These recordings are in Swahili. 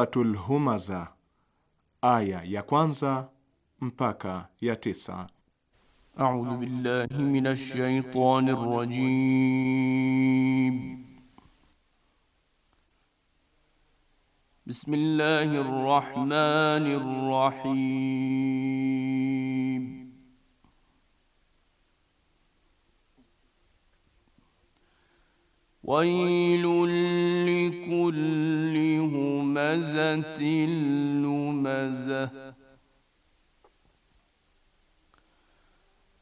Suratul Humaza aya ya kwanza mpaka ya tisa. A'udhu billahi minash shaitani rajim. Bismillahir rahmanir rahim. Wa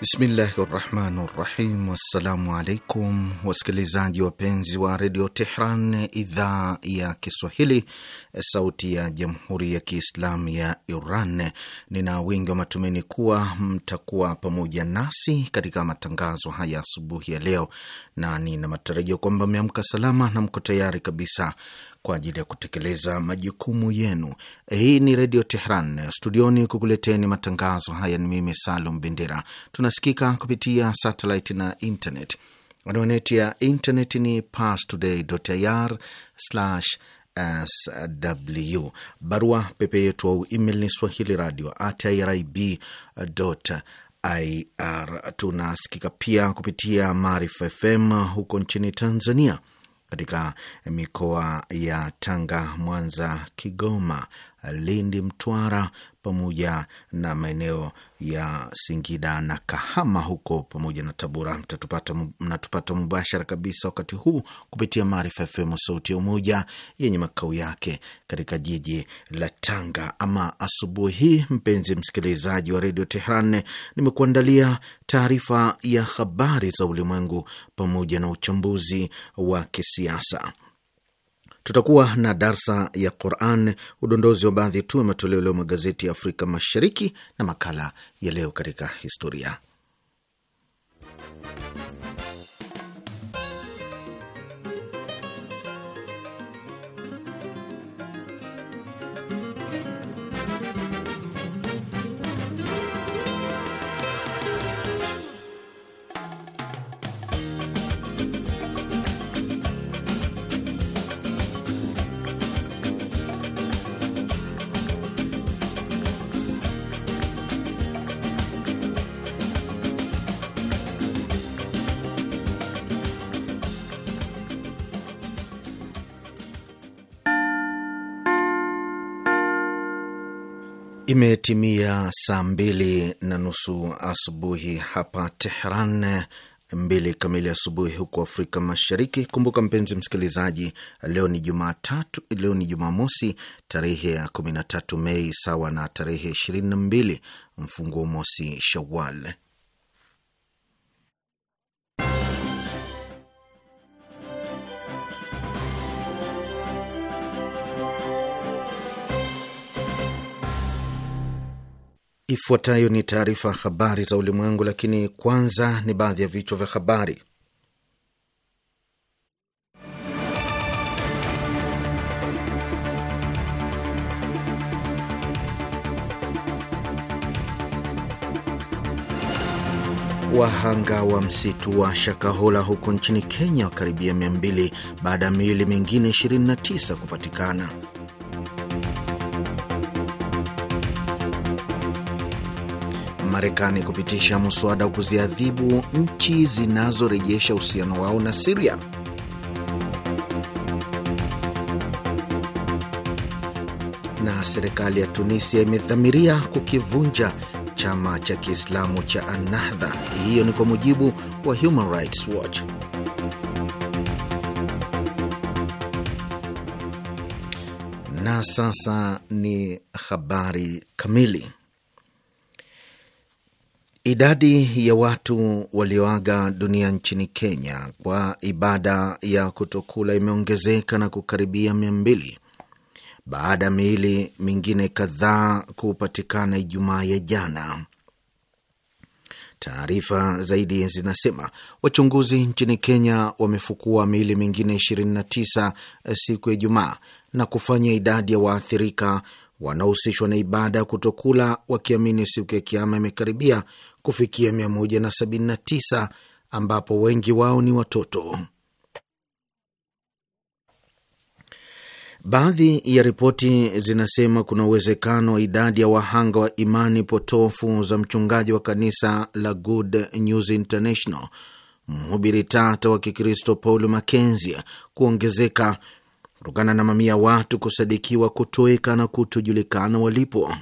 Bismillahi rahmani rahim. Wassalamu alaikum wasikilizaji wapenzi wa redio Tehran, idhaa ya Kiswahili, sauti ya jamhuri ya kiislamu ya Iran. Nina wingi wa matumaini kuwa mtakuwa pamoja nasi katika matangazo haya asubuhi ya leo, na nina matarajio kwamba mmeamka salama na mko tayari kabisa kwa ajili ya kutekeleza majukumu yenu. Hii ni Redio Tehran studioni kukuleteni matangazo haya. Ni mimi Salum Bendera. Tunasikika kupitia satellite na internet. Anwani ya internet ni parstoday.ir/sw. Barua pepe yetu au email ni swahili radio at irib ir. Tunasikika pia kupitia Maarifa FM huko nchini Tanzania katika mikoa ya Tanga, Mwanza, Kigoma, Lindi, Mtwara, pamoja na maeneo ya Singida na Kahama huko pamoja na Tabora. Mtatupata, mnatupata mubashara kabisa wakati huu kupitia Maarifa FM sauti ya Umoja yenye makao yake katika jiji la Tanga. Ama asubuhi hii, mpenzi msikilizaji wa redio Tehran, nimekuandalia taarifa ya habari za ulimwengu pamoja na uchambuzi wa kisiasa tutakuwa na darsa ya Quran, udondozi wa baadhi tu ya matoleo leo magazeti ya Afrika Mashariki na makala ya leo katika historia. Imetimia saa mbili na nusu asubuhi hapa Tehran, mbili kamili asubuhi huku Afrika Mashariki. Kumbuka mpenzi msikilizaji, leo ni Jumatatu, leo ni Jumamosi tarehe ya kumi na tatu Mei sawa na tarehe ishirini na mbili mfunguo mosi Shawal Ifuatayo ni taarifa habari za ulimwengu, lakini kwanza ni baadhi ya vichwa vya habari. Wahanga wa msitu wa Shakahola huko nchini Kenya wakaribia 200 baada ya miili mingine 29 kupatikana. Marekani kupitisha mswada wa kuziadhibu nchi zinazorejesha uhusiano wao na Siria. Na serikali ya Tunisia imedhamiria kukivunja chama cha Kiislamu cha anahdha Hiyo ni kwa mujibu wa Human Rights Watch. Na sasa ni habari kamili. Idadi ya watu walioaga dunia nchini Kenya kwa ibada ya kutokula imeongezeka na kukaribia mia mbili baada ya miili mingine kadhaa kupatikana Ijumaa ya jana. Taarifa zaidi zinasema wachunguzi nchini Kenya wamefukua miili mingine 29 siku ya Ijumaa na kufanya idadi ya waathirika wanaohusishwa na ibada ya kutokula wakiamini siku ya kiama imekaribia kufikia 179 ambapo wengi wao ni watoto. Baadhi ya ripoti zinasema kuna uwezekano wa idadi ya wahanga wa imani potofu za mchungaji wa kanisa la Good News International, mhubiri tata wa Kikristo Paul Mackenzie kuongezeka kutokana na mamia watu kusadikiwa kutoweka na kutojulikana walipo.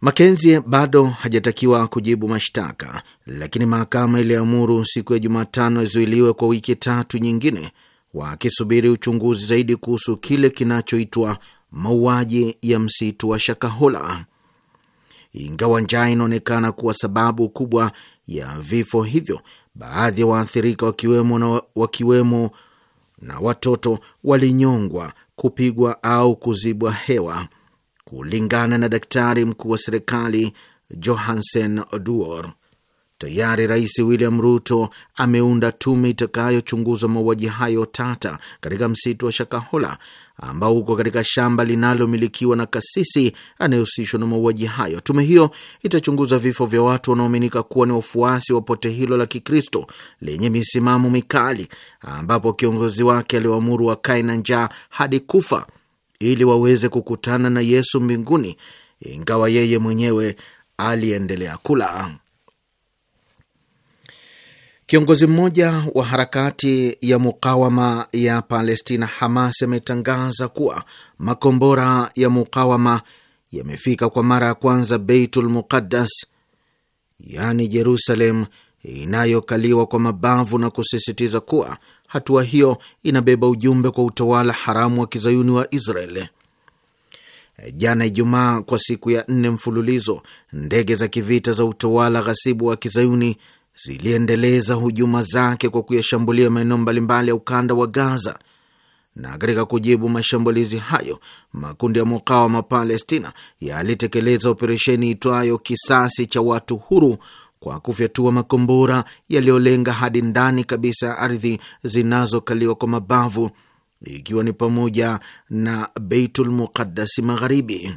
Makenzi bado hajatakiwa kujibu mashtaka, lakini mahakama iliamuru siku ya Jumatano izuiliwe kwa wiki tatu nyingine, wakisubiri uchunguzi zaidi kuhusu kile kinachoitwa mauaji ya msitu wa Shakahola. Ingawa njaa inaonekana kuwa sababu kubwa ya vifo hivyo, baadhi ya wa waathirika wakiwemo na, wakiwemo na watoto walinyongwa, kupigwa au kuzibwa hewa. Kulingana na daktari mkuu wa serikali Johansen Oduor, tayari Rais William Ruto ameunda tume itakayochunguza mauaji hayo tata katika msitu wa Shakahola ambao uko katika shamba linalomilikiwa na kasisi anayehusishwa na mauaji hayo. Tume hiyo itachunguza vifo vya watu wanaoaminika kuwa ni wafuasi wa pote hilo la Kikristo lenye misimamo mikali, ambapo kiongozi wake aliwaamuru wakae na njaa hadi kufa ili waweze kukutana na Yesu mbinguni, ingawa yeye mwenyewe aliendelea kula. Kiongozi mmoja wa harakati ya mukawama ya Palestina, Hamas, ametangaza kuwa makombora ya mukawama yamefika kwa mara ya kwanza Beitul Muqaddas, yaani Jerusalem inayokaliwa kwa mabavu, na kusisitiza kuwa hatua hiyo inabeba ujumbe kwa utawala haramu wa kizayuni wa Israeli. Jana Ijumaa, kwa siku ya nne mfululizo, ndege za kivita za utawala ghasibu wa kizayuni ziliendeleza hujuma zake kwa kuyashambulia maeneo mbalimbali ya ukanda wa Gaza, na katika kujibu mashambulizi hayo, makundi ya mukawama Palestina yalitekeleza operesheni itwayo kisasi cha watu huru kwa kufyatua makombora yaliyolenga hadi ndani kabisa ya ardhi zinazokaliwa kwa mabavu ikiwa ni pamoja na Beitul Muqaddasi Magharibi.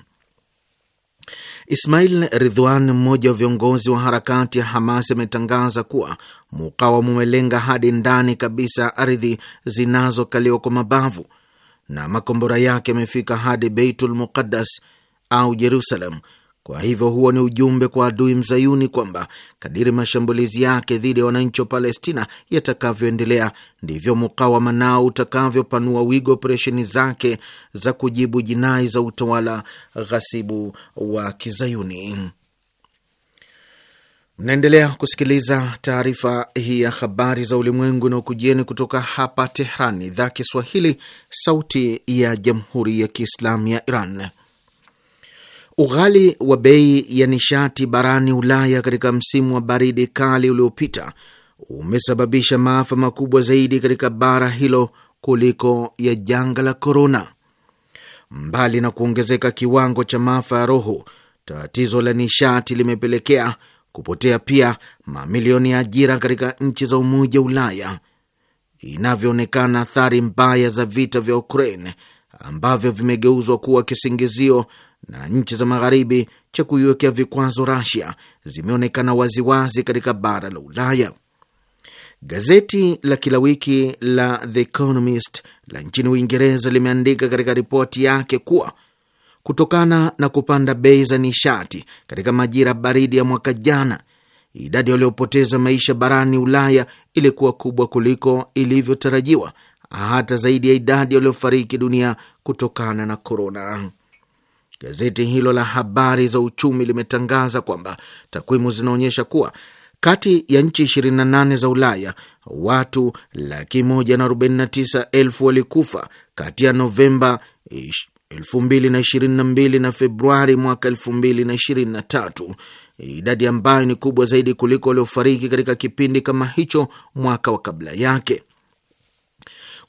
Ismail ridhwan mmoja wa viongozi wa harakati ya Hamas, ametangaza kuwa mukawama umelenga hadi ndani kabisa ya ardhi zinazokaliwa kwa mabavu na makombora yake yamefika hadi Beitul Muqaddas au Jerusalem kwa hivyo huo ni ujumbe kwa adui mzayuni kwamba kadiri mashambulizi yake dhidi ya wananchi wa Palestina yatakavyoendelea ndivyo mukawama nao utakavyopanua wigo operesheni zake za kujibu jinai za utawala ghasibu wa kizayuni. Mnaendelea kusikiliza taarifa hii ya habari za ulimwengu na ukujieni kutoka hapa Tehran, idhaa Kiswahili, sauti ya jamhuri ya kiislamu ya Iran. Ughali wa bei ya nishati barani Ulaya katika msimu wa baridi kali uliopita umesababisha maafa makubwa zaidi katika bara hilo kuliko ya janga la korona. Mbali na kuongezeka kiwango cha maafa ya roho, tatizo la nishati limepelekea kupotea pia mamilioni ya ajira katika nchi za Umoja wa Ulaya. Inavyoonekana, athari mbaya za vita vya Ukraine ambavyo vimegeuzwa kuwa kisingizio na nchi za magharibi cha kuiwekea vikwazo Rasia zimeonekana waziwazi katika bara la Ulaya. Gazeti la kila wiki la The Economist la nchini Uingereza limeandika katika ripoti yake kuwa kutokana na kupanda bei za nishati katika majira baridi ya mwaka jana, idadi waliopoteza maisha barani Ulaya ilikuwa kubwa kuliko ilivyotarajiwa, hata zaidi ya idadi waliofariki dunia kutokana na korona. Gazeti hilo la habari za uchumi limetangaza kwamba takwimu zinaonyesha kuwa kati ya nchi 28 za Ulaya watu laki moja na arobaini na tisa elfu walikufa kati ya Novemba 2022 na Februari mwaka 2023, idadi ambayo ni kubwa zaidi kuliko waliofariki katika kipindi kama hicho mwaka wa kabla yake,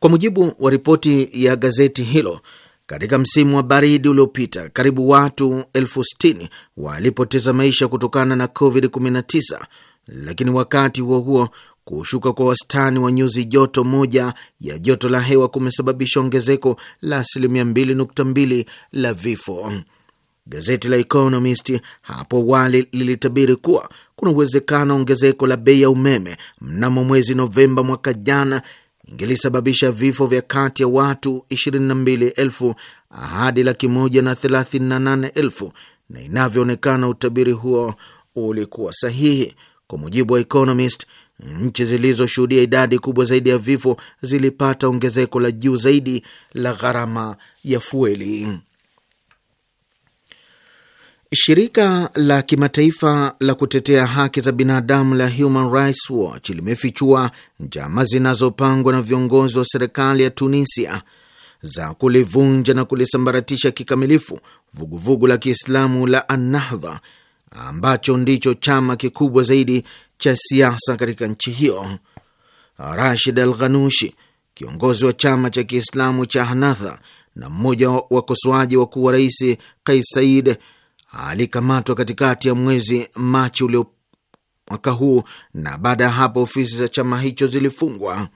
kwa mujibu wa ripoti ya gazeti hilo. Katika msimu wa baridi uliopita karibu watu elfu sitini walipoteza maisha kutokana na COVID-19, lakini wakati huo huo kushuka kwa wastani wa nyuzi joto moja ya joto la hewa kumesababisha ongezeko la asilimia 2.2 la vifo. Gazeti la Economist hapo awali lilitabiri kuwa kuna uwezekano ongezeko la bei ya umeme mnamo mwezi Novemba mwaka jana ingelisababisha vifo vya kati ya watu 22,000 hadi laki moja na 38,000, na inavyoonekana utabiri huo ulikuwa sahihi. Kwa mujibu wa Economist, nchi zilizoshuhudia idadi kubwa zaidi ya vifo zilipata ongezeko la juu zaidi la gharama ya fueli. Shirika la kimataifa la kutetea haki za binadamu la Human Rights Watch limefichua njama zinazopangwa na viongozi wa serikali ya Tunisia za kulivunja na kulisambaratisha kikamilifu vuguvugu la Kiislamu la Annahdha ambacho ndicho chama kikubwa zaidi cha siasa katika nchi hiyo. Rashid Al Ghanushi, kiongozi wa chama cha Kiislamu cha Hanadha na mmoja wa wakosoaji wakuu wa rais Kais Saied alikamatwa katikati ya mwezi Machi ulio mwaka huu, na baada ya hapo ofisi za chama hicho zilifungwa.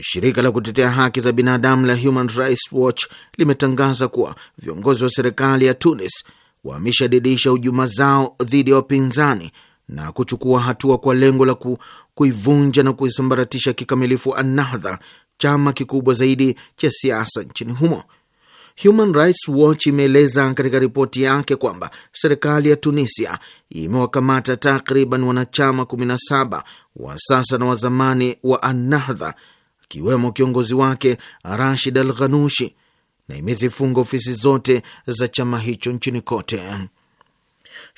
Shirika la kutetea haki za binadamu la Human Rights Watch limetangaza kuwa viongozi wa serikali ya Tunis wameshadidisha hujuma zao dhidi ya wapinzani na kuchukua hatua kwa lengo la ku, kuivunja na kuisambaratisha kikamilifu anahdha chama kikubwa zaidi cha siasa nchini humo. Human Rights Watch imeeleza katika ripoti yake kwamba serikali ya Tunisia imewakamata takriban wanachama 17 wa sasa na wazamani wa Annahdha, akiwemo kiongozi wake Rashid Al Ghanushi, na imezifunga ofisi zote za chama hicho nchini kote.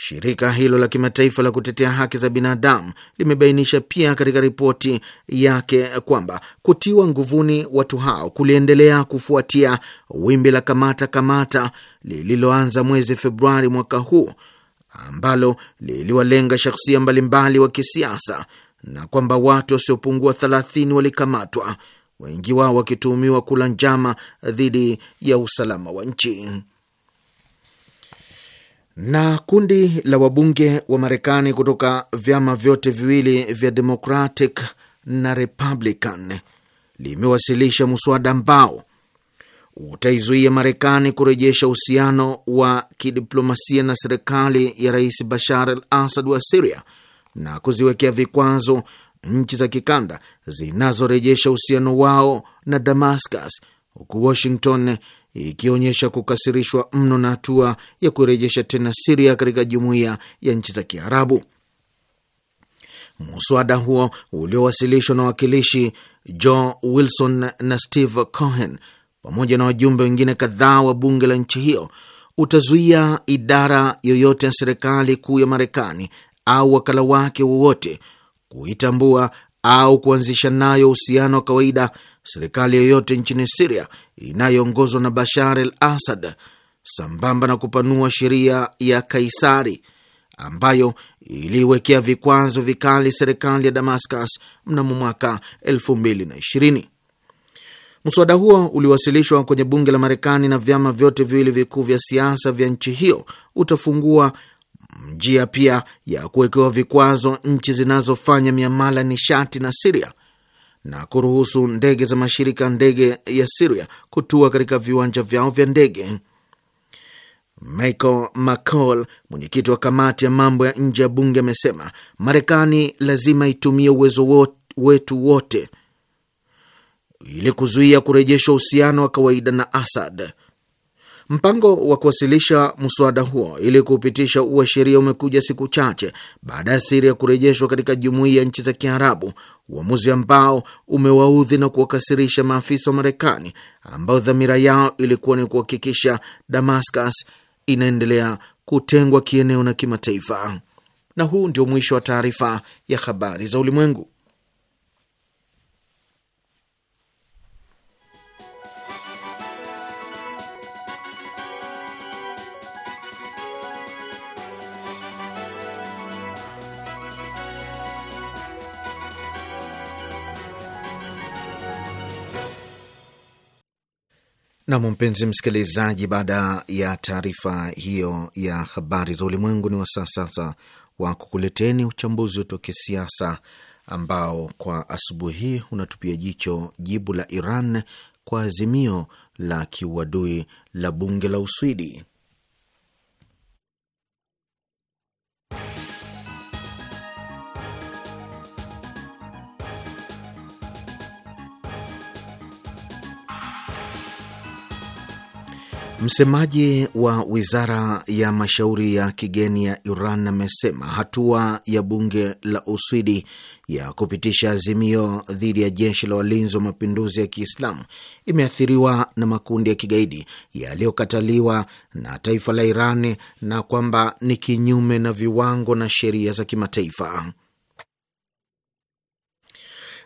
Shirika hilo la kimataifa la kutetea haki za binadamu limebainisha pia katika ripoti yake kwamba kutiwa nguvuni watu hao kuliendelea kufuatia wimbi la kamata kamata lililoanza mwezi Februari mwaka huu ambalo liliwalenga shakhsia mbalimbali wa kisiasa na kwamba watu wasiopungua thelathini walikamatwa, wengi wao wakituhumiwa kula njama dhidi ya usalama wa nchi. Na kundi la wabunge wa Marekani kutoka vyama vyote viwili vya Democratic na Republican limewasilisha muswada ambao utaizuia Marekani kurejesha uhusiano wa kidiplomasia na serikali ya Rais Bashar al Assad wa Siria na kuziwekea vikwazo nchi za kikanda zinazorejesha uhusiano wao na Damascus, huku Washington ikionyesha kukasirishwa mno na hatua ya kurejesha tena Siria katika jumuiya ya nchi za Kiarabu. Muswada huo uliowasilishwa na wakilishi Joe Wilson na Steve Cohen pamoja na wajumbe wengine kadhaa wa bunge la nchi hiyo utazuia idara yoyote ya serikali kuu ya Marekani au wakala wake wowote kuitambua au kuanzisha nayo uhusiano wa kawaida serikali yoyote nchini Siria inayoongozwa na Bashar al Assad, sambamba na kupanua sheria ya Kaisari ambayo iliwekea vikwazo vikali serikali ya Damascus mnamo mwaka 2020. Mswada huo uliwasilishwa kwenye bunge la Marekani na vyama vyote viwili vikuu vya siasa vya nchi hiyo utafungua njia pia ya kuwekewa vikwazo nchi zinazofanya miamala nishati na Siria na kuruhusu ndege za mashirika ndege ya Siria kutua katika viwanja vyao vya ndege. Michael McCall, mwenyekiti wa kamati ya mambo ya nje ya bunge, amesema Marekani lazima itumie uwezo wetu wote ili kuzuia kurejeshwa uhusiano wa kawaida na Asad. Mpango wa kuwasilisha mswada huo ili kuupitisha uwe sheria umekuja siku chache baada ya Siria kurejeshwa katika jumuiya ya nchi za Kiarabu, uamuzi ambao umewaudhi na kuwakasirisha maafisa wa Marekani ambao dhamira yao ilikuwa ni kuhakikisha Damascus inaendelea kutengwa kieneo na kimataifa. Na huu ndio mwisho wa taarifa ya habari za ulimwengu. Nam, mpenzi msikilizaji, baada ya taarifa hiyo ya habari za ulimwengu, ni wasaa sasa wa kukuleteni uchambuzi wetu wa kisiasa ambao kwa asubuhi hii unatupia jicho jibu la Iran kwa azimio la kiuadui la bunge la Uswidi. Msemaji wa wizara ya mashauri ya kigeni ya Iran amesema hatua ya bunge la Uswidi ya kupitisha azimio dhidi ya jeshi la walinzi wa mapinduzi ya Kiislamu imeathiriwa na makundi ya kigaidi yaliyokataliwa na taifa la Iran na kwamba ni kinyume na viwango na sheria za kimataifa.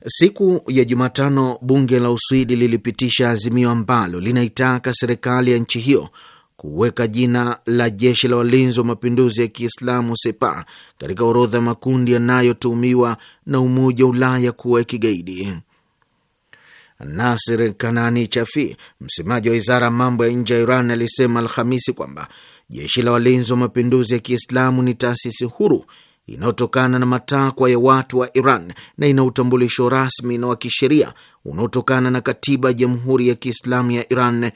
Siku ya Jumatano, bunge la Uswidi lilipitisha azimio ambalo linaitaka serikali ya nchi hiyo kuweka jina la jeshi la walinzi wa mapinduzi ya Kiislamu Sepa katika orodha ya makundi yanayotuhumiwa na Umoja wa Ulaya kuwa ya kigaidi. Nasir Kanani Chafi, msemaji wa wizara ya mambo ya nje ya Iran, alisema Alhamisi kwamba jeshi la walinzi wa mapinduzi ya Kiislamu ni taasisi huru inayotokana na matakwa ya watu wa Iran na ina utambulisho rasmi na wa kisheria unaotokana na katiba ya Jamhuri ya Kiislamu ya Iran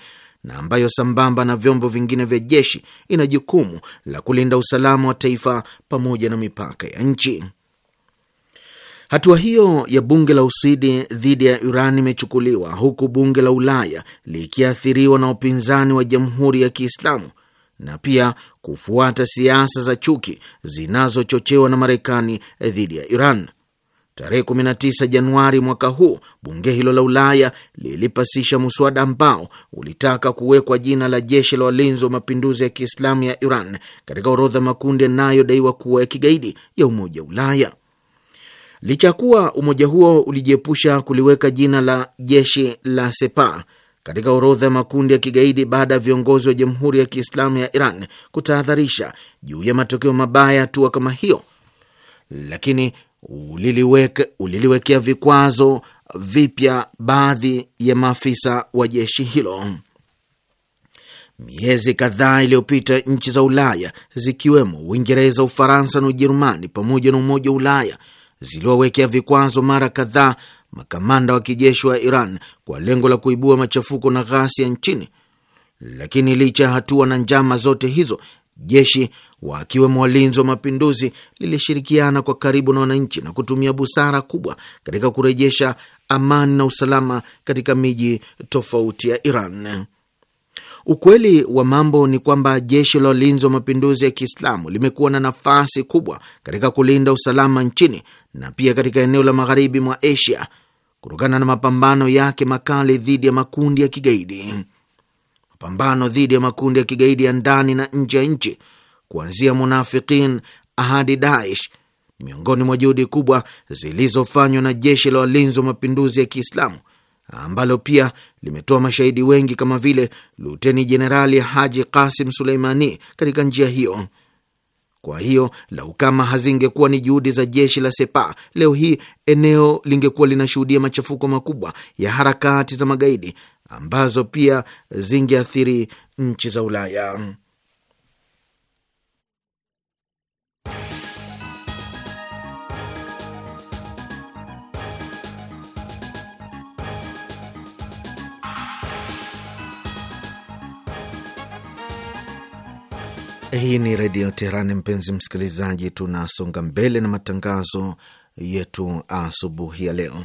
na ambayo sambamba na vyombo vingine vya jeshi ina jukumu la kulinda usalama wa taifa pamoja na mipaka ya nchi. Hatua hiyo ya bunge la Uswidi dhidi ya Iran imechukuliwa huku bunge la Ulaya likiathiriwa na upinzani wa Jamhuri ya Kiislamu na pia kufuata siasa za chuki zinazochochewa na Marekani dhidi ya Iran. Tarehe 19 Januari mwaka huu bunge hilo la Ulaya lilipasisha muswada ambao ulitaka kuwekwa jina la jeshi la walinzi wa mapinduzi ya Kiislamu ya Iran katika orodha makundi yanayodaiwa kuwa ya kigaidi ya Umoja wa Ulaya. Licha kuwa umoja huo ulijiepusha kuliweka jina la jeshi la Sepa katika orodha ya makundi ya kigaidi baada ya viongozi wa Jamhuri ya Kiislamu ya Iran kutahadharisha juu ya matokeo mabaya ya hatua kama hiyo, lakini uliliwekea vikwazo vipya baadhi ya maafisa wa jeshi hilo. Miezi kadhaa iliyopita nchi za Ulaya zikiwemo Uingereza, Ufaransa na Ujerumani pamoja na Umoja wa Ulaya ziliwawekea vikwazo mara kadhaa makamanda wa kijeshi wa Iran kwa lengo la kuibua machafuko na ghasia nchini. Lakini licha ya hatua na njama zote hizo, jeshi wakiwemo walinzi wa mapinduzi lilishirikiana kwa karibu na wananchi na kutumia busara kubwa katika kurejesha amani na usalama katika miji tofauti ya Iran. Ukweli wa mambo ni kwamba jeshi la walinzi wa mapinduzi ya Kiislamu limekuwa na nafasi kubwa katika kulinda usalama nchini na pia katika eneo la magharibi mwa Asia kutokana na mapambano yake makali dhidi ya makundi ya kigaidi. Mapambano dhidi ya makundi ya kigaidi ya ndani na nje ya nchi, kuanzia Munafikin hadi Daesh miongoni mwa juhudi kubwa zilizofanywa na jeshi la walinzi wa mapinduzi ya Kiislamu ambalo pia limetoa mashahidi wengi kama vile Luteni Jenerali Haji Kasim Suleimani katika njia hiyo. Kwa hiyo lau kama hazingekuwa ni juhudi za jeshi la Sepa, leo hii eneo lingekuwa linashuhudia machafuko makubwa ya harakati za magaidi ambazo pia zingeathiri nchi za Ulaya. Hii ni Redio Teherani. Mpenzi msikilizaji, tunasonga mbele na matangazo yetu asubuhi ya leo.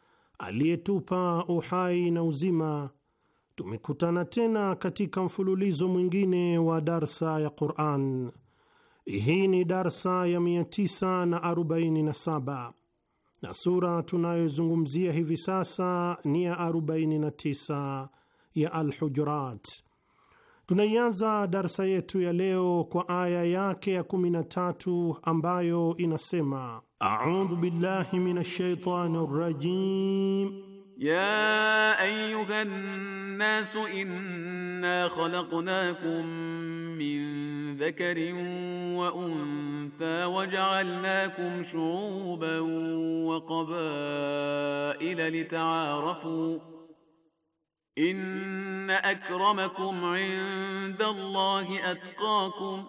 aliyetupa uhai na uzima, tumekutana tena katika mfululizo mwingine wa darsa ya Quran. Hii ni darsa ya 947 na, na sura tunayozungumzia hivi sasa ni ya 49 ya Alhujurat. Tunaianza darsa yetu ya leo kwa aya yake ya 13 ambayo inasema a'udhu billahi minash shaitani rrajim ya ayyuhan nasu inna khalaqnakum min dhakarin wa untha waja'alnakum shu'uban wa qabaila lita'arafu inna akramakum inda Allahi atqakum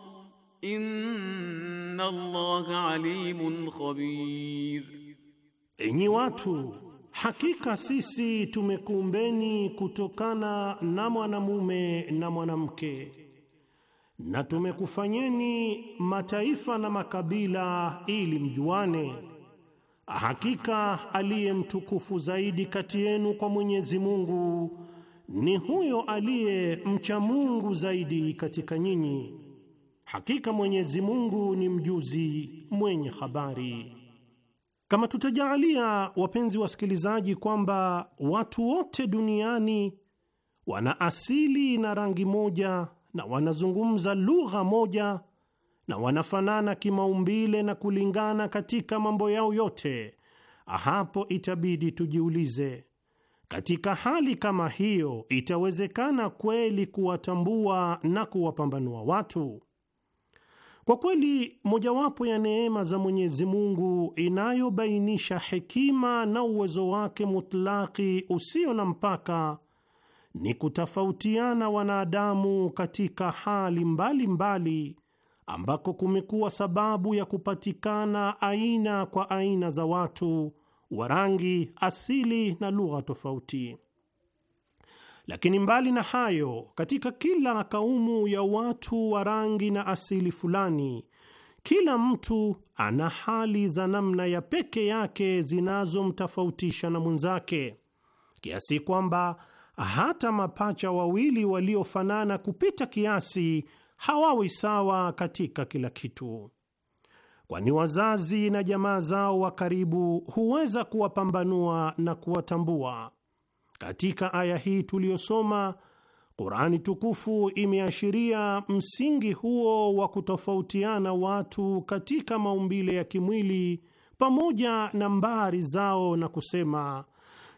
inna Allaha alimun khabir, enyi watu, hakika sisi tumekuumbeni kutokana na mwanamume na mwanamke na tumekufanyeni mataifa na makabila ili mjuane. Hakika aliye mtukufu zaidi kati yenu kwa Mwenyezi Mungu ni huyo aliye mcha Mungu zaidi katika nyinyi. Hakika Mwenyezi Mungu ni mjuzi mwenye habari. Kama tutajaalia, wapenzi wasikilizaji, kwamba watu wote duniani wana asili na rangi moja na wanazungumza lugha moja na wanafanana kimaumbile na kulingana katika mambo yao yote, hapo itabidi tujiulize katika hali kama hiyo, itawezekana kweli kuwatambua na kuwapambanua watu? Kwa kweli, mojawapo ya neema za Mwenyezi Mungu inayobainisha hekima na uwezo wake mutlaki usio na mpaka ni kutofautiana wanadamu katika hali mbalimbali mbali, ambako kumekuwa sababu ya kupatikana aina kwa aina za watu wa rangi, asili na lugha tofauti. Lakini mbali na hayo, katika kila kaumu ya watu wa rangi na asili fulani, kila mtu ana hali za namna ya peke yake zinazomtofautisha na mwenzake, kiasi kwamba hata mapacha wawili waliofanana kupita kiasi hawawi sawa katika kila kitu kwani wazazi na jamaa zao wa karibu huweza kuwapambanua na kuwatambua. Katika aya hii tuliyosoma, Kurani tukufu imeashiria msingi huo wa kutofautiana watu katika maumbile ya kimwili pamoja na mbari zao, na kusema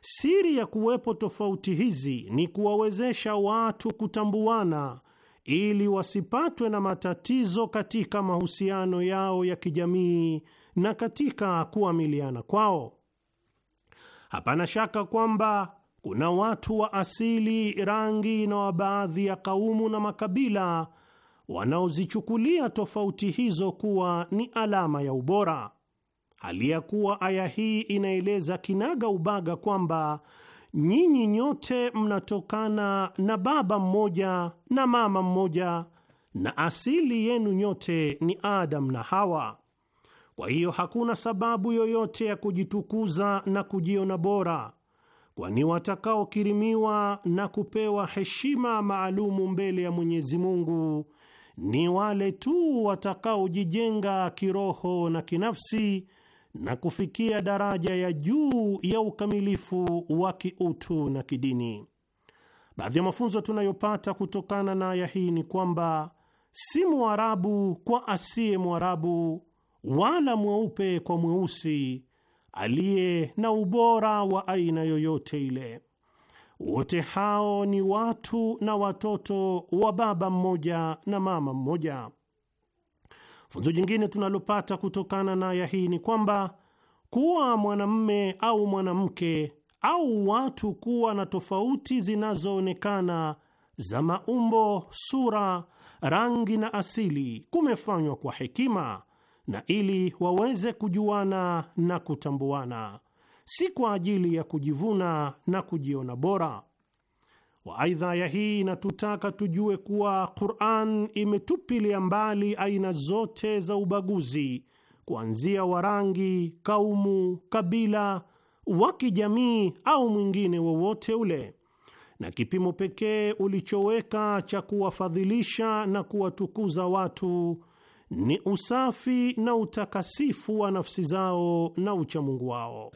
siri ya kuwepo tofauti hizi ni kuwawezesha watu kutambuana ili wasipatwe na matatizo katika mahusiano yao ya kijamii na katika kuamiliana kwao. Hapana shaka kwamba kuna watu wa asili, rangi na wa baadhi ya kaumu na makabila wanaozichukulia tofauti hizo kuwa ni alama ya ubora, hali ya kuwa aya hii inaeleza kinaga ubaga kwamba nyinyi nyote mnatokana na baba mmoja na mama mmoja, na asili yenu nyote ni Adamu na Hawa. Kwa hiyo hakuna sababu yoyote ya kujitukuza na kujiona bora, kwani watakaokirimiwa na kupewa heshima maalumu mbele ya Mwenyezi Mungu ni wale tu watakaojijenga kiroho na kinafsi na kufikia daraja ya juu ya ukamilifu wa kiutu na kidini. Baadhi ya mafunzo tunayopata kutokana na aya hii ni kwamba si Mwarabu kwa asiye Mwarabu wala mweupe kwa mweusi aliye na ubora wa aina yoyote ile. Wote hao ni watu na watoto wa baba mmoja na mama mmoja. Funzo jingine tunalopata kutokana na aya hii ni kwamba kuwa mwanamme au mwanamke au watu kuwa na tofauti zinazoonekana za maumbo, sura, rangi na asili kumefanywa kwa hekima na ili waweze kujuana na kutambuana, si kwa ajili ya kujivuna na kujiona bora. Waaidha ya hii inatutaka tujue kuwa Qur'an imetupilia mbali aina zote za ubaguzi, kuanzia wa rangi, kaumu, kabila, wa kijamii au mwingine wowote ule, na kipimo pekee ulichoweka cha kuwafadhilisha na kuwatukuza watu ni usafi na utakasifu wa nafsi zao na uchamungu wao.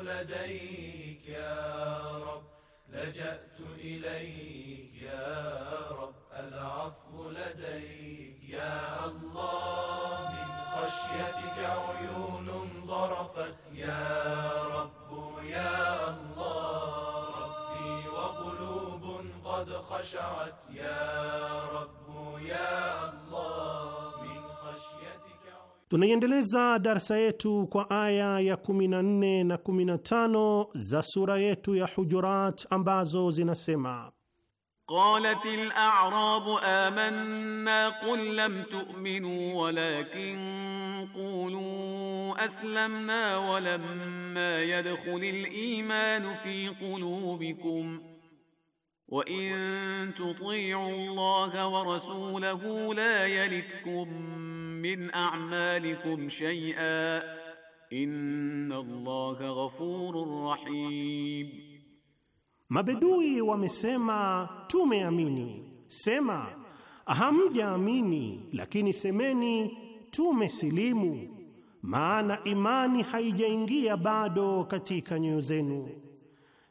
لديك يا رب لجأت إليك يا رب العفو لديك يا الله من خشيتك عيون ضرفت يا رب يا الله ربي وقلوب قد خشعت يا رب يا الله Tunaiendeleza darsa yetu kwa aya ya 14 na 15 za sura yetu ya Hujurat ambazo zinasema: qalat al-a'rabu amanna qul lam tu'minu walakin qulu aslamna walamma yadkhul al-iman fi qulubikum وإن تطيعوا الله ورسوله لا يلتكم min a'malikum shay'a inna Allaha ghafurur rahim, mabedui wamesema tumeamini. Sema hamjaamini, lakini semeni tumesilimu, maana imani haijaingia bado katika nyoyo zenu,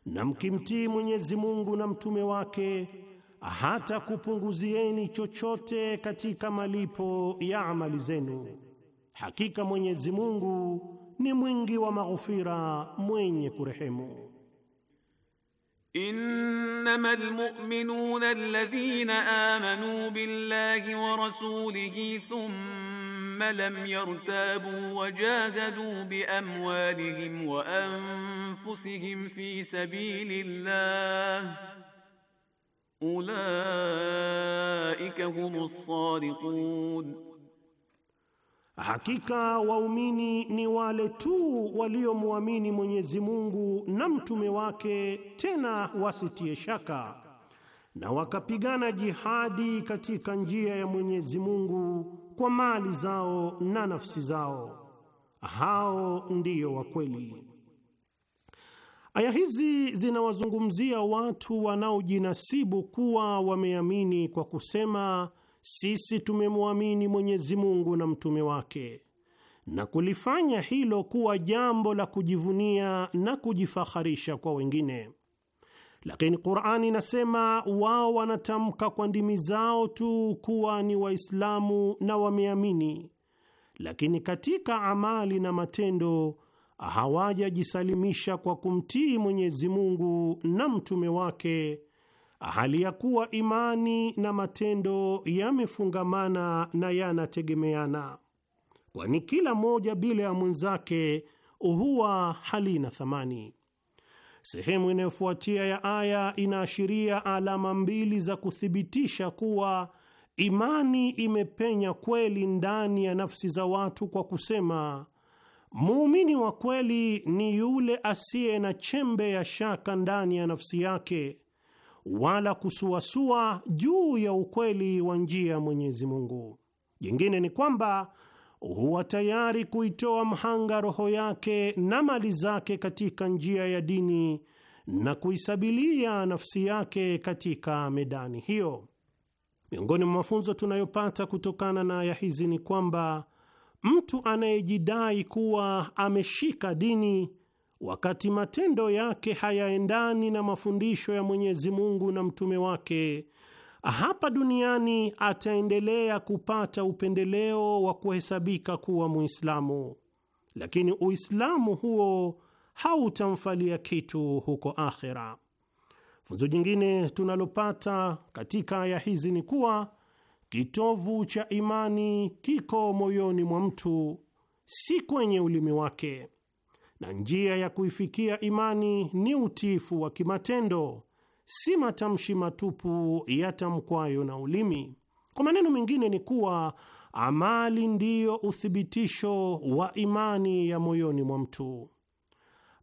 na mkimtii Mwenyezi Mungu na mtume wake hata kupunguzieni chochote katika malipo ya amali zenu. Hakika Mwenyezi Mungu ni mwingi wa maghfira, mwenye kurehemu. Innama almu'minuna alladhina amanu billahi wa rasulihi thumma lam yartabu wa jahadu bi amwalihim wa anfusihim fi sabilillah Ulaika humus sadiqun, hakika waumini ni wale tu waliomwamini Mwenyezi Mungu na mtume wake, tena wasitie shaka, na wakapigana jihadi katika njia ya Mwenyezi Mungu kwa mali zao na nafsi zao. Hao ndiyo wakweli. Aya hizi zinawazungumzia watu wanaojinasibu kuwa wameamini kwa kusema sisi tumemwamini Mwenyezi Mungu na mtume wake, na kulifanya hilo kuwa jambo la kujivunia na kujifaharisha kwa wengine. Lakini Qur'ani inasema wao wanatamka kwa ndimi zao tu kuwa ni Waislamu na wameamini, lakini katika amali na matendo hawajajisalimisha kwa kumtii Mwenyezi Mungu na mtume wake, hali ya kuwa imani na matendo yamefungamana na yanategemeana, kwani kila moja bila ya mwenzake huwa halina thamani. Sehemu inayofuatia ya aya inaashiria alama mbili za kuthibitisha kuwa imani imepenya kweli ndani ya nafsi za watu kwa kusema Muumini wa kweli ni yule asiye na chembe ya shaka ndani ya nafsi yake wala kusuasua juu ya ukweli wa njia ya Mwenyezi Mungu. Jingine ni kwamba huwa tayari kuitoa mhanga roho yake na mali zake katika njia ya dini na kuisabilia nafsi yake katika medani hiyo. Miongoni mwa mafunzo tunayopata kutokana na aya hizi ni kwamba mtu anayejidai kuwa ameshika dini wakati matendo yake hayaendani na mafundisho ya Mwenyezi Mungu na mtume wake hapa duniani ataendelea kupata upendeleo wa kuhesabika kuwa Muislamu, lakini Uislamu huo hautamfalia kitu huko akhera. Funzo jingine tunalopata katika aya hizi ni kuwa Kitovu cha imani kiko moyoni mwa mtu, si kwenye ulimi wake, na njia ya kuifikia imani ni utiifu wa kimatendo, si matamshi matupu yatamkwayo na ulimi. Kwa maneno mengine, ni kuwa amali ndiyo uthibitisho wa imani ya moyoni mwa mtu.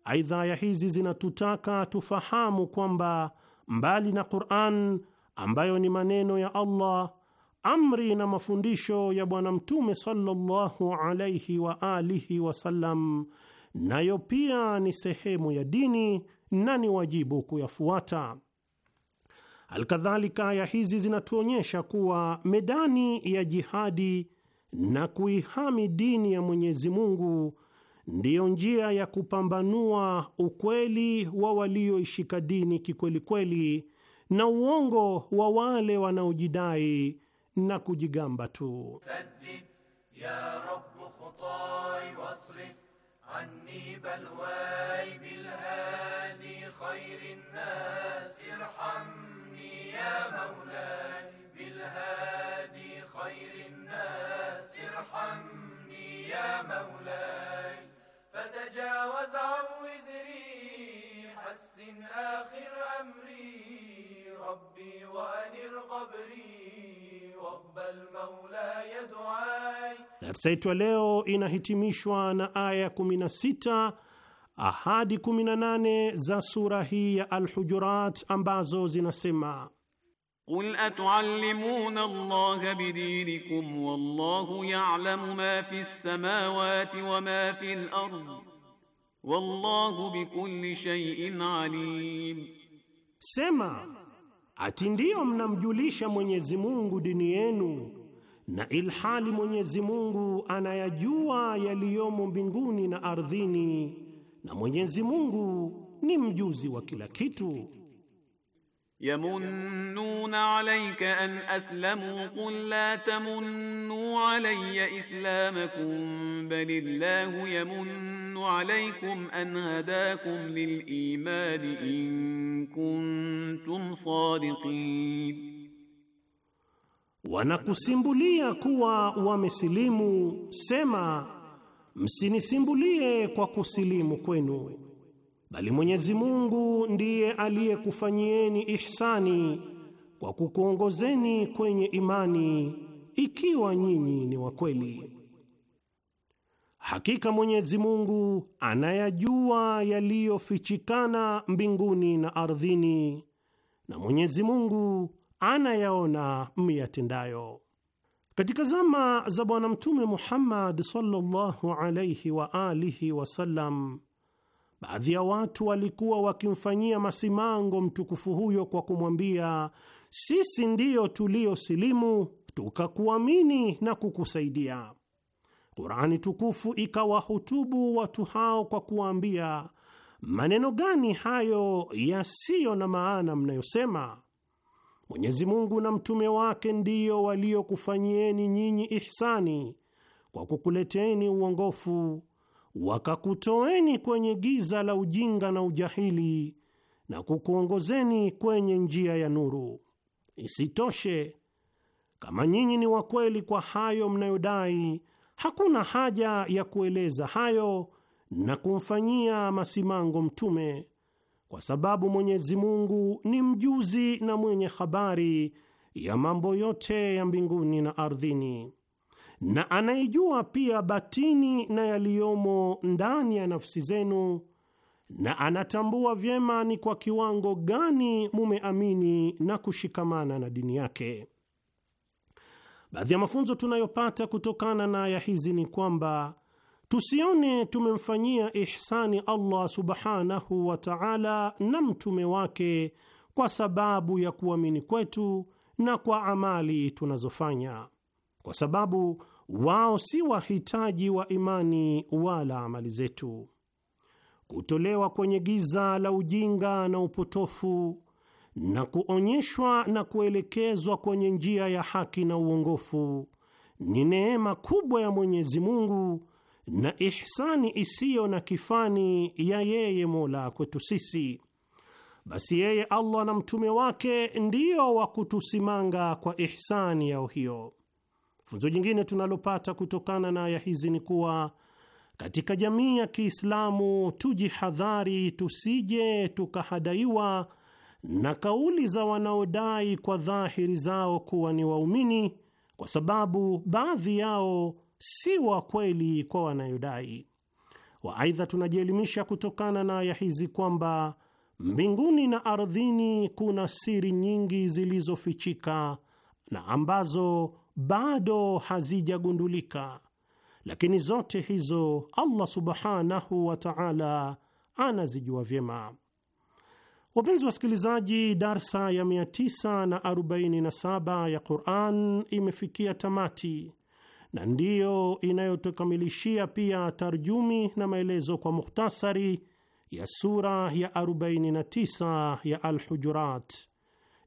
Aidha, aya hizi zinatutaka tufahamu kwamba mbali na Qur'an ambayo ni maneno ya Allah amri na mafundisho ya Bwana Mtume sallallahu alaihi wa alihi wasallam, nayo pia ni sehemu ya dini na ni wajibu kuyafuata. Alkadhalika, aya hizi zinatuonyesha kuwa medani ya jihadi na kuihami dini ya Mwenyezi Mungu ndiyo njia ya kupambanua ukweli wa walioishika dini kikwelikweli na uongo wa wale wanaojidai na kujigamba tu. Saddid ya Rabb khutai wasrif anni balwai bilhadi khairin nas irhamni ya maulai bilhadi khairin nas irhamni ya maulai fatajawaz an wizri hassin akhir amri ربي وأنر قبري Darsa yetu ya leo inahitimishwa na aya 16 ahadi 18 za sura hii ya alhujurat ambazo zinasema Qul atuallimuna Allaha bidinikum wallahu ya'lamu ma fi samawati wa ma fi al-ard wallahu bikulli shay'in alim Sema Ati ndiyo mnamjulisha Mwenyezi Mungu dini yenu, na ilhali Mwenyezi Mungu anayajua yaliyomo mbinguni na ardhini, na Mwenyezi Mungu ni mjuzi wa kila kitu yamunnun alayka an aslamu qul la tamunnu alayya islamakum balillahu yamunnu alaykum an hadakum liliman in kuntum sadiqin, wanakusimbulia kuwa wamesilimu, sema msinisimbulie kwa kusilimu kwenu bali Mwenyezi Mungu ndiye aliyekufanyieni ihsani kwa kukuongozeni kwenye imani ikiwa nyinyi ni wakweli. Hakika Mwenyezi Mungu anayajua yaliyofichikana mbinguni na ardhini, na Mwenyezi Mungu anayaona myatendayo. Katika zama za Bwana Mtume Muhammad sallallahu alayhi wa alihi wasallam Baadhi ya watu walikuwa wakimfanyia masimango mtukufu huyo kwa kumwambia, sisi ndiyo tuliosilimu tukakuamini na kukusaidia. Kurani tukufu ikawahutubu watu hao kwa kuwaambia, maneno gani hayo yasiyo na maana mnayosema? Mwenyezi Mungu na mtume wake ndiyo waliokufanyieni nyinyi ihsani kwa kukuleteni uongofu wakakutoeni kwenye giza la ujinga na ujahili na kukuongozeni kwenye njia ya nuru. Isitoshe, kama nyinyi ni wakweli kwa hayo mnayodai, hakuna haja ya kueleza hayo na kumfanyia masimango Mtume, kwa sababu Mwenyezi Mungu ni mjuzi na mwenye habari ya mambo yote ya mbinguni na ardhini na anaijua pia batini na yaliyomo ndani ya nafsi zenu, na anatambua vyema ni kwa kiwango gani mumeamini na kushikamana na dini yake. Baadhi ya mafunzo tunayopata kutokana na aya hizi ni kwamba tusione tumemfanyia ihsani Allah subhanahu wa ta'ala na mtume wake kwa sababu ya kuamini kwetu na kwa amali tunazofanya kwa sababu wao si wahitaji wa imani wala amali zetu. Kutolewa kwenye giza la ujinga na upotofu na kuonyeshwa na kuelekezwa kwenye njia ya haki na uongofu ni neema kubwa ya Mwenyezi Mungu na ihsani isiyo na kifani ya yeye Mola kwetu sisi. Basi yeye Allah na mtume wake ndio wa kutusimanga kwa ihsani yao hiyo. Funzo jingine tunalopata kutokana na aya hizi ni kuwa katika jamii ya Kiislamu tujihadhari, tusije tukahadaiwa na kauli za wanaodai kwa dhahiri zao kuwa ni waumini, kwa sababu baadhi yao si wa kweli kwa wanayodai. Waaidha, tunajielimisha kutokana na aya hizi kwamba mbinguni na ardhini kuna siri nyingi zilizofichika na ambazo bado hazijagundulika, lakini zote hizo Allah subhanahu wa ta'ala anazijua vyema. Wapenzi wasikilizaji, darsa ya 947 ya Quran imefikia tamati na ndiyo inayotukamilishia pia tarjumi na maelezo kwa mukhtasari ya sura ya 49 ya alhujurat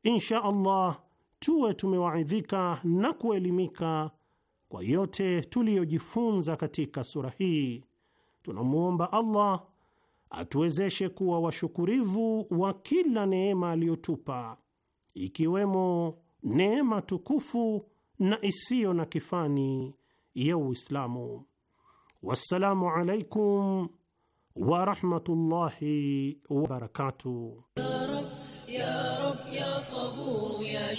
Insha Allah tuwe tumewaidhika na kuelimika kwa yote tuliyojifunza katika sura hii. Tunamwomba Allah atuwezeshe kuwa washukurivu wa kila neema aliyotupa, ikiwemo neema tukufu na isiyo na kifani ya Uislamu. Wassalamu alaikum warahmatullahi wabarakatuh. Ya ya ya Nam,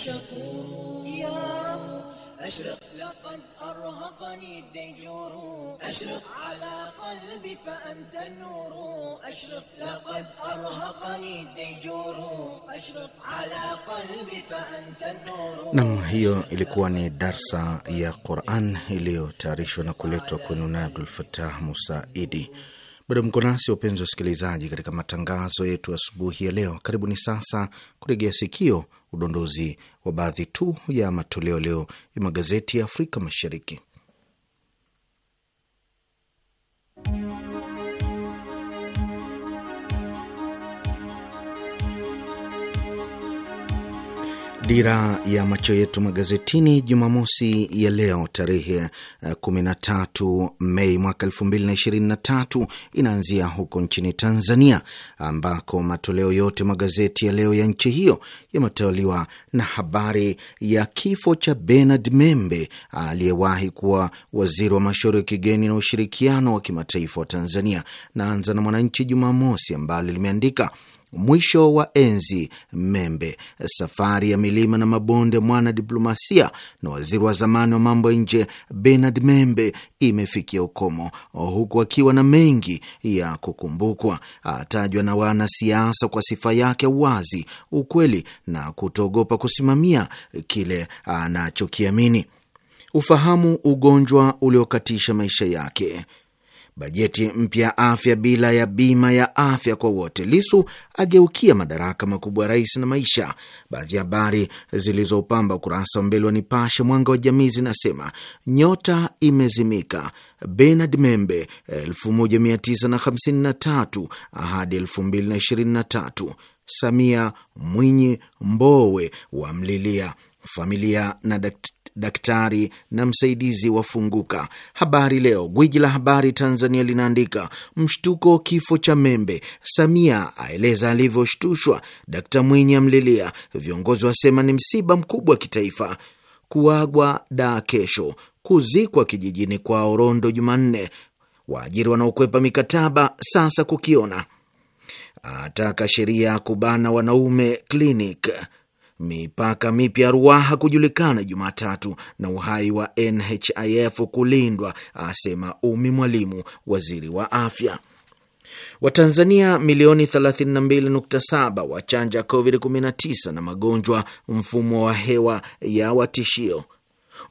hiyo ilikuwa ni darsa ya Quran iliyotayarishwa na kuletwa kwenu naye Abdul Fatah Musa Idi. Bado mko nasi wapenzi usikilizaji katika matangazo yetu asubuhi ya leo. Karibuni sasa kuregea sikio udondozi wa baadhi tu ya matoleo leo ya magazeti ya Afrika Mashariki. Dira ya macho yetu magazetini Jumamosi ya leo tarehe 13 eh, Mei mwaka 2023 inaanzia huko nchini Tanzania, ambako matoleo yote magazeti ya leo ya nchi hiyo yametawaliwa na habari ya kifo cha Bernard Membe aliyewahi kuwa waziri wa mashauri ya kigeni na ushirikiano wa kimataifa wa Tanzania. Naanza na Mwananchi Jumamosi ambalo limeandika mwisho wa enzi Membe, safari ya milima na mabonde, mwana diplomasia na waziri wa zamani wa mambo ya nje Bernard Membe imefikia ukomo, huku akiwa na mengi ya kukumbukwa. Atajwa na wanasiasa kwa sifa yake uwazi, ukweli na kutoogopa kusimamia kile anachokiamini. Ufahamu ugonjwa uliokatisha maisha yake bajeti mpya ya afya bila ya bima ya afya kwa wote, Lisu ageukia madaraka makubwa ya rais na maisha. Baadhi ya habari zilizopamba ukurasa wa mbele wa Nipashe Mwanga wa Jamii zinasema nyota imezimika, Bernard Membe 1953 hadi 2023, Samia Mwinyi Mbowe wamlilia familia na daktari daktari na msaidizi wafunguka. Habari Leo, gwiji la habari Tanzania, linaandika mshtuko, kifo cha Membe, Samia aeleza alivyoshtushwa, Dkt Mwinyi amlilia, viongozi wasema ni msiba mkubwa kitaifa, kuagwa da kesho, kuzikwa kijijini kwa Orondo Jumanne, waajiri wanaokwepa mikataba sasa kukiona, ataka sheria kubana wanaume clinic mipaka mipya Ruaha kujulikana Jumatatu na uhai wa NHIF kulindwa, asema Umi Mwalimu, waziri wa afya. Watanzania milioni 32.7 wachanja COVID-19 na magonjwa mfumo wa hewa ya watishio.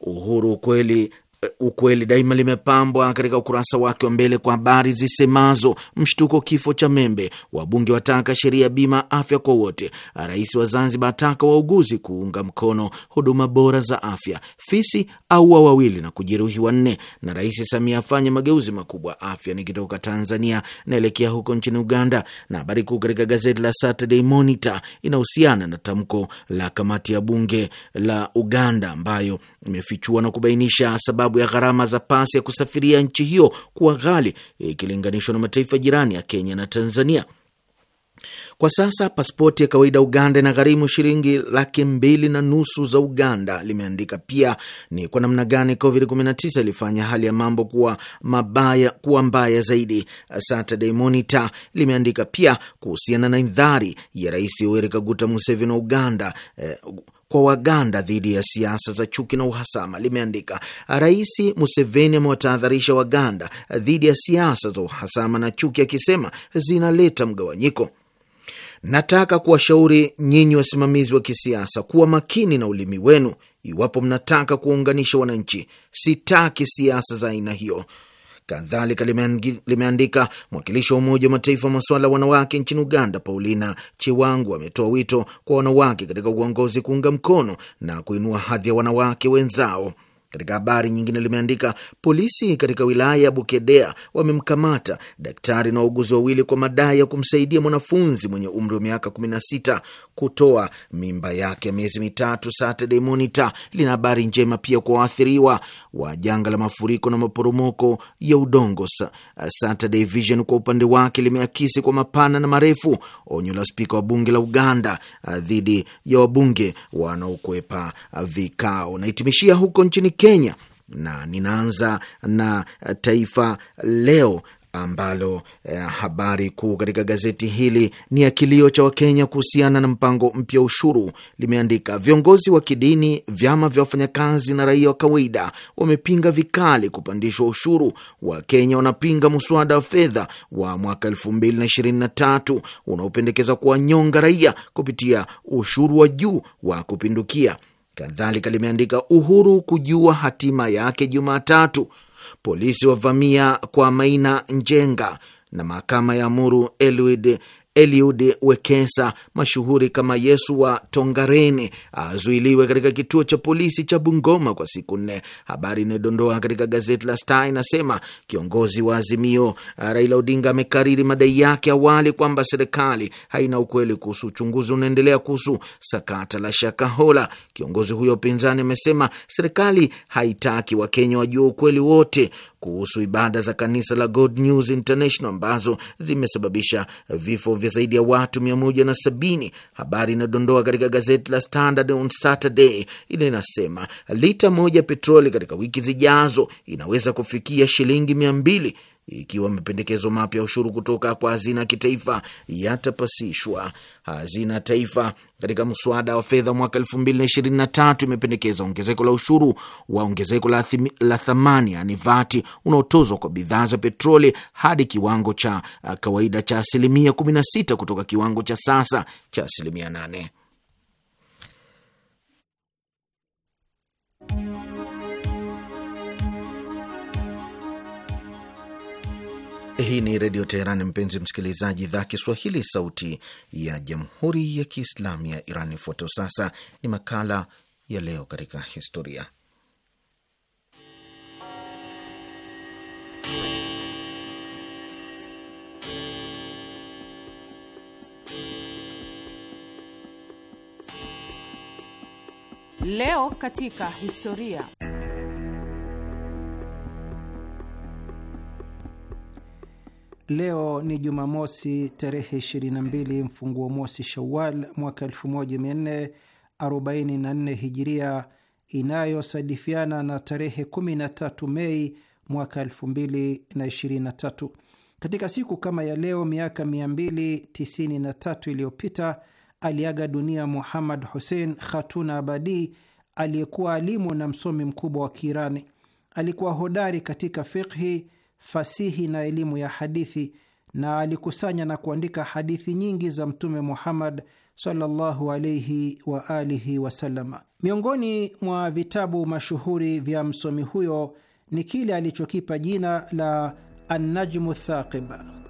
Uhuru Kweli Eh, ukweli Daima limepambwa katika ukurasa wake wa mbele kwa habari zisemazo: mshtuko kifo cha Membe, wabunge wataka sheria bima afya kwa wote, rais wa Zanzibar ataka wauguzi kuunga mkono huduma bora za afya, fisi aua wawili na kujeruhi wanne, na Rais Samia afanye mageuzi makubwa afya. Nikitoka Tanzania naelekea huko nchini Uganda, na habari kuu katika gazeti la Saturday Monitor inahusiana na tamko la kamati ya bunge la Uganda ambayo imefichua na kubainisha sababu sababu ya gharama za pasi ya kusafiria nchi hiyo kuwa ghali ikilinganishwa na mataifa jirani ya Kenya na Tanzania. Kwa sasa pasipoti ya kawaida Uganda inagharimu shilingi laki mbili na nusu za Uganda. Limeandika pia ni kwa namna gani COVID-19 ilifanya hali ya mambo kuwa mabaya, kuwa mbaya zaidi. Saturday Monitor limeandika pia kuhusiana na indhari ya Rais Yoweri Kaguta Museveni wa Uganda eh, kwa Waganda dhidi ya siasa za chuki na uhasama. Limeandika, Rais Museveni amewatahadharisha Waganda dhidi ya siasa za uhasama na chuki, akisema zinaleta mgawanyiko. Nataka kuwashauri nyinyi wasimamizi wa kisiasa kuwa makini na ulimi wenu iwapo mnataka kuwaunganisha wananchi. Sitaki siasa za aina hiyo. Kadhalika limeandika mwakilishi wa Umoja wa Mataifa wa masuala ya wanawake nchini Uganda, Paulina Chiwangu ametoa wito kwa wanawake katika uongozi kuunga mkono na kuinua hadhi ya wanawake wenzao. Katika habari nyingine limeandika polisi katika wilaya ya Bukedea wamemkamata daktari na wauguzi wawili kwa madai ya kumsaidia mwanafunzi mwenye umri wa miaka 16 kutoa mimba yake miezi mitatu. Saturday Monitor lina habari njema pia kwa waathiriwa wa janga la mafuriko na maporomoko ya udongo. Saturday Vision kwa upande wake limeakisi kwa mapana na marefu onyo la spika wa bunge la Uganda dhidi ya wabunge wanaokwepa vikao. Nahitimishia huko nchini Kenya na ninaanza na Taifa Leo ambalo eh, habari kuu katika gazeti hili ni ya kilio cha Wakenya kuhusiana na mpango mpya ushuru. Limeandika viongozi wa kidini, vyama vya wafanyakazi na raia wa kawaida wamepinga vikali kupandishwa ushuru. Wakenya wanapinga mswada wa fedha wa mwaka elfu mbili na ishirini na tatu unaopendekeza kuwanyonga raia kupitia ushuru wa juu wa kupindukia. Kadhalika limeandika Uhuru kujua hatima yake Jumatatu polisi wavamia kwa Maina Njenga na mahakama ya amuru elwid Eliud Wekesa mashuhuri kama Yesu wa Tongareni azuiliwe katika kituo cha polisi cha Bungoma kwa siku nne. Habari inayodondoa katika gazeti la Star inasema kiongozi wa Azimio Raila Odinga amekariri madai yake awali kwamba serikali haina ukweli kuhusu uchunguzi unaendelea kuhusu sakata la Shakahola. Kiongozi huyo upinzani amesema serikali haitaki Wakenya wajua ukweli wote kuhusu ibada za kanisa la News International ambazo zimesababisha vifo vya zaidi ya watu 170. Habari inayodondoa katika gazeti la Standard on Saturday ile inasema lita moja petroli katika wiki zijazo inaweza kufikia shilingi ikiwa mapendekezo mapya ya ushuru kutoka kwa hazina ya kitaifa yatapasishwa. Hazina ya taifa katika mswada wa fedha mwaka elfu mbili na ishirini na tatu imependekeza ongezeko la ushuru wa ongezeko la, la thamani yani vati unaotozwa kwa bidhaa za petroli hadi kiwango cha uh, kawaida cha asilimia kumi na sita kutoka kiwango cha sasa cha asilimia nane. Hii ni Redio Teheran, mpenzi msikilizaji, idhaa Kiswahili, sauti ya jamhuri ya kiislamu ya Iran. Ifuato sasa ni makala ya leo katika historia. Leo katika historia Leo ni Jumamosi tarehe 22 mfunguo mosi Shawal mwaka 1444 Hijiria, inayosadifiana na tarehe 13 Mei mwaka 2023. Katika siku kama ya leo miaka 293 iliyopita aliaga dunia Muhammad Hussein Khatuna Abadi, aliyekuwa alimu na msomi mkubwa wa Kiirani. Alikuwa hodari katika fikhi fasihi na elimu ya hadithi na alikusanya na kuandika hadithi nyingi za Mtume Muhammad sallallahu wa alihi Miongoni mwa vitabu mashuhuri vya msomi huyo ni kile alichokipa jina la Annajmu Thaqiba.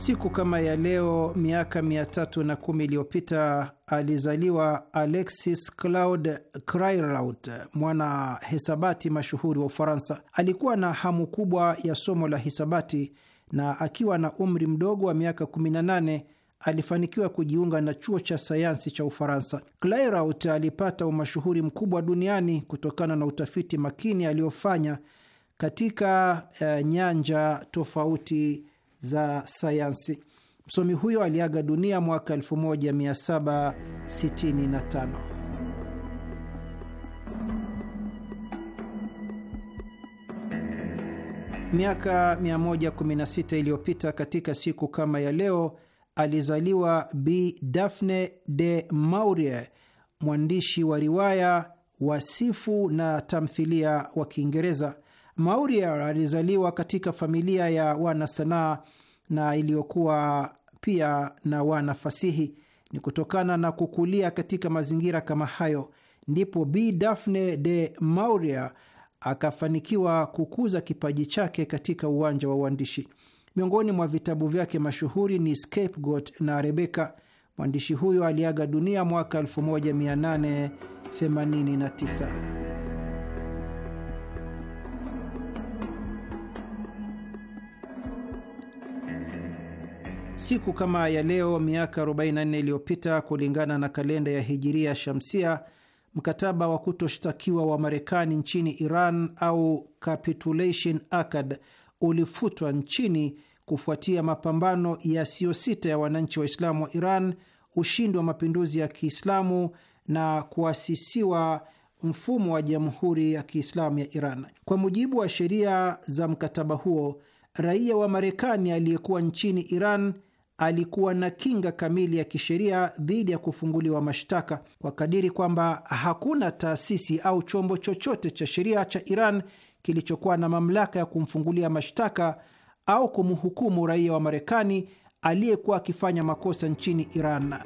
Siku kama ya leo miaka 310 iliyopita alizaliwa Alexis Claude Clairaut, mwana hesabati mashuhuri wa Ufaransa. Alikuwa na hamu kubwa ya somo la hisabati na akiwa na umri mdogo wa miaka 18 alifanikiwa kujiunga na chuo cha sayansi cha Ufaransa. Clairaut alipata umashuhuri mkubwa duniani kutokana na utafiti makini aliyofanya katika uh, nyanja tofauti za sayansi. Msomi huyo aliaga dunia mwaka 1765. Miaka 116 iliyopita katika siku kama ya leo alizaliwa Bi Daphne de Maurier, mwandishi wa riwaya, wasifu na tamthilia wa Kiingereza. Maurier alizaliwa katika familia ya wanasanaa na iliyokuwa pia na wanafasihi. Ni kutokana na kukulia katika mazingira kama hayo ndipo b Daphne de Maurier akafanikiwa kukuza kipaji chake katika uwanja wa uandishi. Miongoni mwa vitabu vyake mashuhuri ni Scapegoat na Rebecca. Mwandishi huyo aliaga dunia mwaka 1889. Siku kama ya leo miaka 44 iliyopita kulingana na kalenda ya hijiria shamsia, mkataba wa kutoshtakiwa wa Marekani nchini Iran au Capitulation Accord ulifutwa nchini kufuatia mapambano yasiyosita ya wananchi Waislamu wa Iran, ushindi wa mapinduzi ya Kiislamu na kuasisiwa mfumo wa Jamhuri ya Kiislamu ya Iran. Kwa mujibu wa sheria za mkataba huo, raia wa Marekani aliyekuwa nchini Iran alikuwa na kinga kamili ya kisheria dhidi ya kufunguliwa mashtaka kwa kadiri kwamba hakuna taasisi au chombo chochote cha sheria cha Iran kilichokuwa na mamlaka ya kumfungulia mashtaka au kumhukumu raia wa Marekani aliyekuwa akifanya makosa nchini Iran.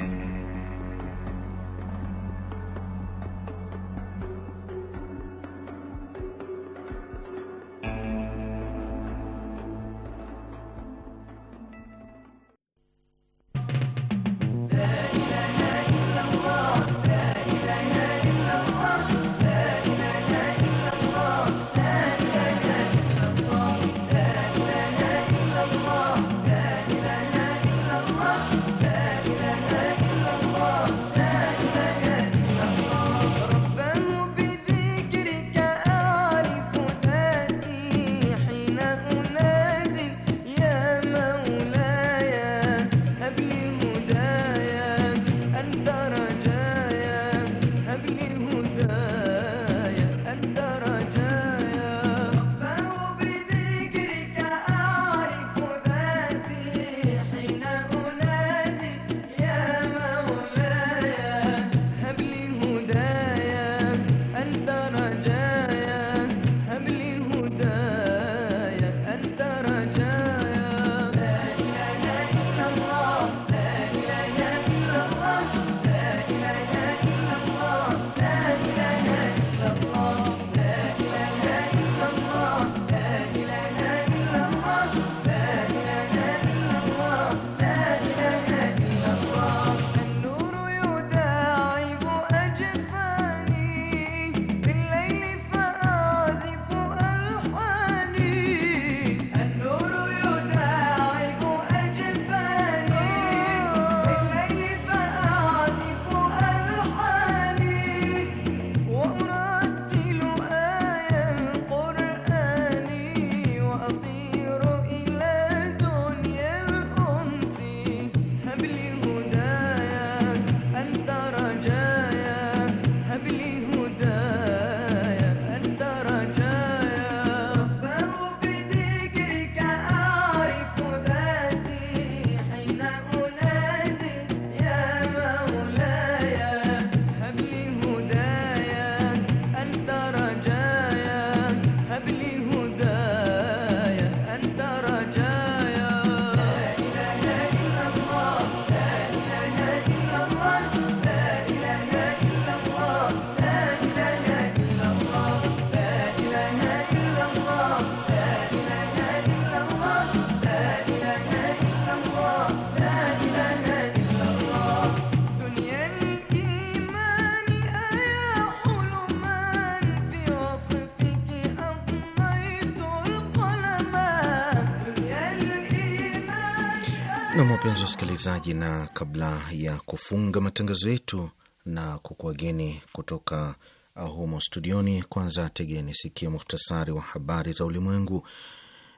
wa usikilizaji, na kabla ya kufunga matangazo yetu na kukuageni kutoka uh, humo studioni, kwanza tegeni sikia muhtasari wa habari za ulimwengu.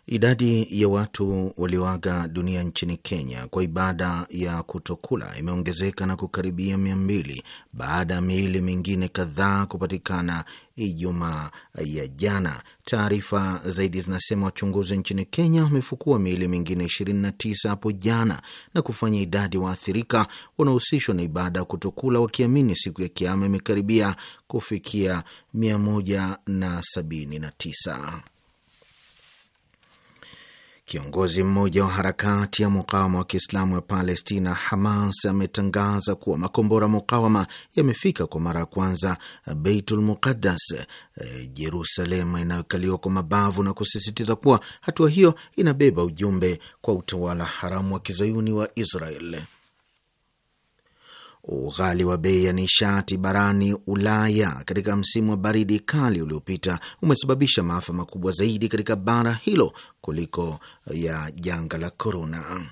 Idadi ya watu walioaga dunia nchini Kenya kwa ibada ya kutokula imeongezeka na kukaribia mia mbili baada ya miili mingine kadhaa kupatikana Ijumaa ya jana. Taarifa zaidi zinasema wachunguzi nchini Kenya wamefukua miili mingine 29 hapo jana na kufanya idadi waathirika wanaohusishwa na ibada ya kutokula wakiamini siku ya kiama imekaribia kufikia 179. Kiongozi mmoja wa harakati ya mukawama wa Kiislamu ya Palestina, Hamas, ametangaza kuwa makombora mukawama yamefika kwa mara ya kwanza Beitul Muqaddas, eh, Jerusalemu inayokaliwa kwa mabavu, na kusisitiza kuwa hatua hiyo inabeba ujumbe kwa utawala haramu wa kizayuni wa Israel. Ughali wa bei ya nishati barani Ulaya katika msimu wa baridi kali uliopita umesababisha maafa makubwa zaidi katika bara hilo kuliko ya janga la korona.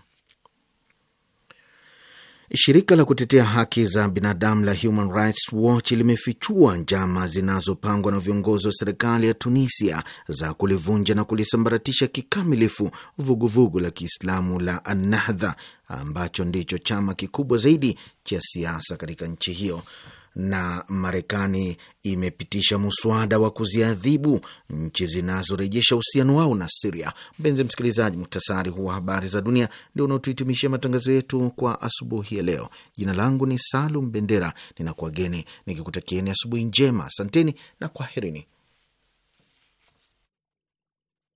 Shirika la kutetea haki za binadamu la Human Rights Watch limefichua njama zinazopangwa na viongozi wa serikali ya Tunisia za kulivunja na kulisambaratisha kikamilifu vuguvugu la Kiislamu la Annahdha ambacho ndicho chama kikubwa zaidi cha siasa katika nchi hiyo na Marekani imepitisha muswada wa kuziadhibu nchi zinazorejesha uhusiano wao na Siria. Mpenzi msikilizaji, muktasari huu wa habari za dunia ndio unaotuhitimishia matangazo yetu kwa asubuhi ya leo. Jina langu ni Salum Bendera, ninakuwageni nikikutakieni asubuhi njema. Asanteni na kwaherini.